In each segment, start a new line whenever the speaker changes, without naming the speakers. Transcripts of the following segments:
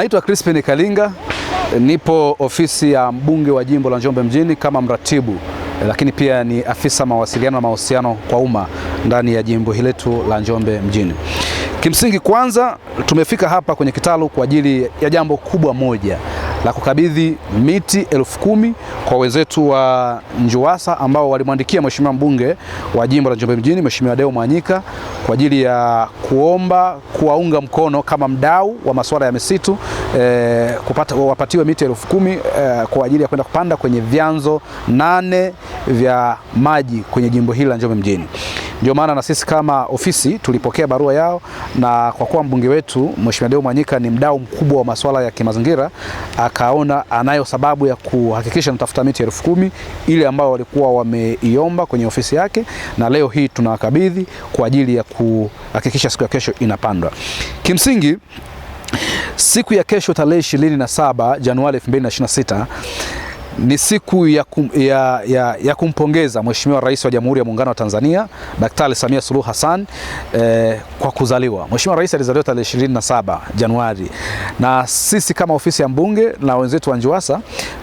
Naitwa Crispin Kalinga, nipo ofisi ya mbunge wa jimbo la Njombe mjini kama mratibu, lakini pia ni afisa mawasiliano na mahusiano kwa umma ndani ya jimbo hili letu la Njombe mjini. Kimsingi, kwanza tumefika hapa kwenye kitalu kwa ajili ya jambo kubwa moja la kukabidhi miti elfu kumi kwa wenzetu wa NJUWASA ambao walimwandikia Mheshimiwa mbunge wa jimbo la Njombe mjini Mheshimiwa Deo Mwanyika kwa ajili ya kuomba kuwaunga mkono kama mdau wa masuala ya misitu eh, kupata, wapatiwe miti elfu kumi eh, kwa ajili ya kwenda kupanda kwenye vyanzo nane vya maji kwenye jimbo hili la Njombe mjini. Ndio maana na sisi kama ofisi tulipokea barua yao, na kwa kuwa mbunge wetu Mheshimiwa Deo Mwanyika ni mdau mkubwa wa masuala ya kimazingira, akaona anayo sababu ya kuhakikisha tunatafuta miti elfu kumi ile ambayo walikuwa wameiomba kwenye ofisi yake, na leo hii tunawakabidhi kwa ajili ya kuhakikisha siku ya kesho inapandwa. Kimsingi siku ya kesho tarehe ishirini Januari 2026 ni siku ya, kum, ya, ya, ya kumpongeza Mheshimiwa Rais wa Jamhuri ya Muungano wa Tanzania Daktari Samia Suluhu Hassan eh, kwa kuzaliwa. Mheshimiwa Rais alizaliwa tarehe 27 Januari, na sisi kama ofisi ya mbunge na wenzetu wa NJUWASA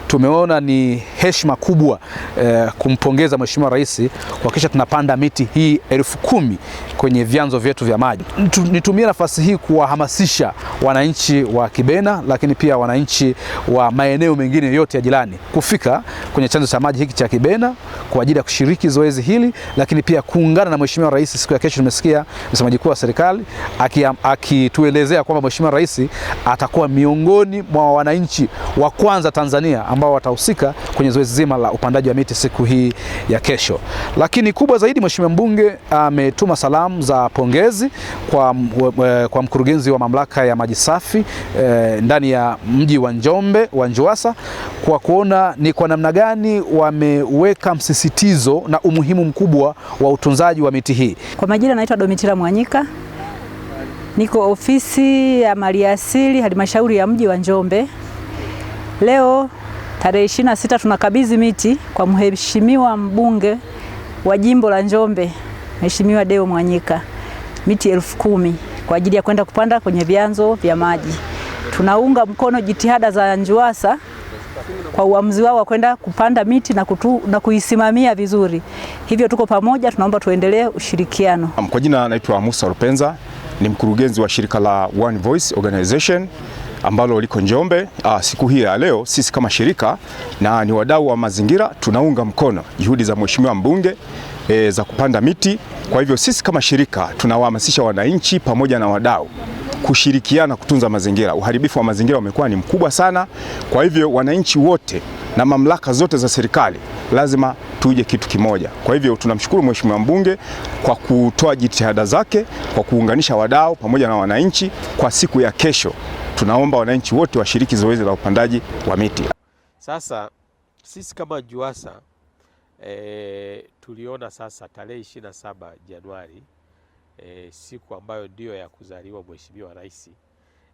tumeona ni heshima kubwa eh, kumpongeza Mheshimiwa Rais kuhakikisha tunapanda miti hii elfu kumi kwenye vyanzo vyetu vya maji. Nitumie nafasi hii kuwahamasisha wananchi wa Kibena, lakini pia wananchi wa maeneo mengine yote ya jirani kufika kwenye chanzo cha maji hiki cha Kibena kwa ajili ya kushiriki zoezi hili, lakini pia kuungana na Mheshimiwa Rais. Siku ya kesho tumesikia msemaji mkuu wa serikali akituelezea aki kwamba Mheshimiwa Rais atakuwa miongoni mwa wananchi wa kwanza Tanzania ambao watahusika kwenye zoezi zima la upandaji wa miti siku hii ya kesho. Lakini kubwa zaidi, Mheshimiwa mbunge ametuma salamu za pongezi kwa, kwa mkurugenzi wa mamlaka ya maji safi eh, ndani ya mji wa Njombe wa Njuasa kwa kuona ni kwa namna gani wameweka msisitizo na umuhimu mkubwa wa utunzaji wa miti hii.
Kwa majina naitwa Domitila Mwanyika, niko ofisi ya maliasili halmashauri ya mji wa Njombe. Leo Tarehe sita tunakabidhi miti kwa mheshimiwa mbunge wa jimbo la Njombe, Mheshimiwa Deo Mwanyika, miti elfu kumi kwa ajili ya kwenda kupanda kwenye vyanzo vya maji. Tunaunga mkono jitihada za NJUWASA kwa uamuzi wao wa kwenda kupanda miti na, kutu, na kuisimamia vizuri. Hivyo tuko pamoja, tunaomba tuendelee ushirikiano.
Kwa jina naitwa Musa Rupenza, ni mkurugenzi wa shirika la One Voice Organization ambalo liko Njombe aa, ah, siku hii ya leo sisi kama shirika na ni wadau wa mazingira tunaunga mkono juhudi za mheshimiwa mbunge e, za kupanda miti. Kwa hivyo sisi kama shirika tunawahamasisha wananchi pamoja na wadau kushirikiana kutunza mazingira. Uharibifu wa mazingira umekuwa ni mkubwa sana, kwa hivyo wananchi wote na mamlaka zote za serikali lazima tuje kitu kimoja. Kwa hivyo tunamshukuru mheshimiwa mbunge kwa kutoa jitihada zake kwa kuunganisha wadau pamoja na wananchi kwa siku ya kesho tunaomba wananchi wote washiriki zoezi la upandaji wa miti.
Sasa sisi kama JUWASA e, tuliona sasa tarehe 27 Januari e, siku ambayo ndiyo ya kuzaliwa Mheshimiwa Rais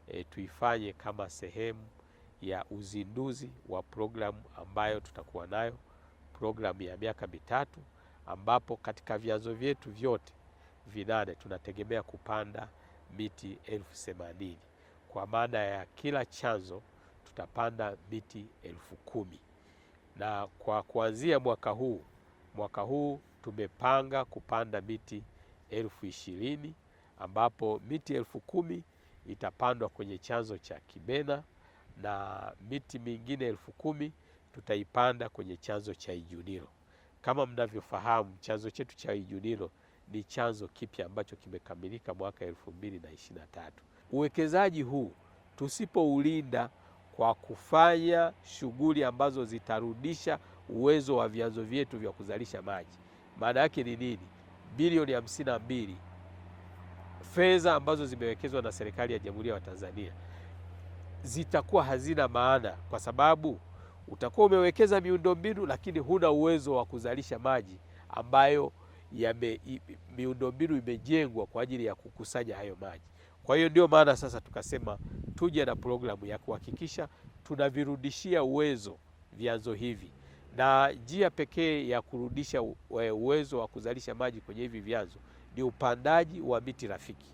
e, tuifanye kama sehemu ya uzinduzi wa programu ambayo tutakuwa nayo, programu ya miaka mitatu, ambapo katika vyanzo vyetu vyote vinane tunategemea kupanda miti elfu themanini kwa maana ya kila chanzo tutapanda miti elfu kumi na kwa kuanzia mwaka huu mwaka huu tumepanga kupanda miti elfu ishirini ambapo miti elfu kumi itapandwa kwenye chanzo cha Kibena na miti mingine elfu kumi tutaipanda kwenye chanzo cha Ijunilo. Kama mnavyofahamu, chanzo chetu cha Ijunilo ni chanzo kipya ambacho kimekamilika mwaka elfu mbili na ishirini na tatu uwekezaji huu tusipoulinda kwa kufanya shughuli ambazo zitarudisha uwezo wa vyanzo vyetu vya kuzalisha maji, maana yake ni nini? Bilioni hamsini na mbili fedha ambazo zimewekezwa na serikali ya Jamhuri ya Tanzania zitakuwa hazina maana, kwa sababu utakuwa umewekeza miundombinu lakini huna uwezo wa kuzalisha maji ambayo miundombinu imejengwa kwa ajili ya kukusanya hayo maji. Kwa hiyo ndio maana sasa tukasema tuje na programu ya kuhakikisha tunavirudishia uwezo vyanzo hivi, na njia pekee ya kurudisha e, uwezo wa kuzalisha maji kwenye hivi vyanzo ni upandaji wa miti rafiki.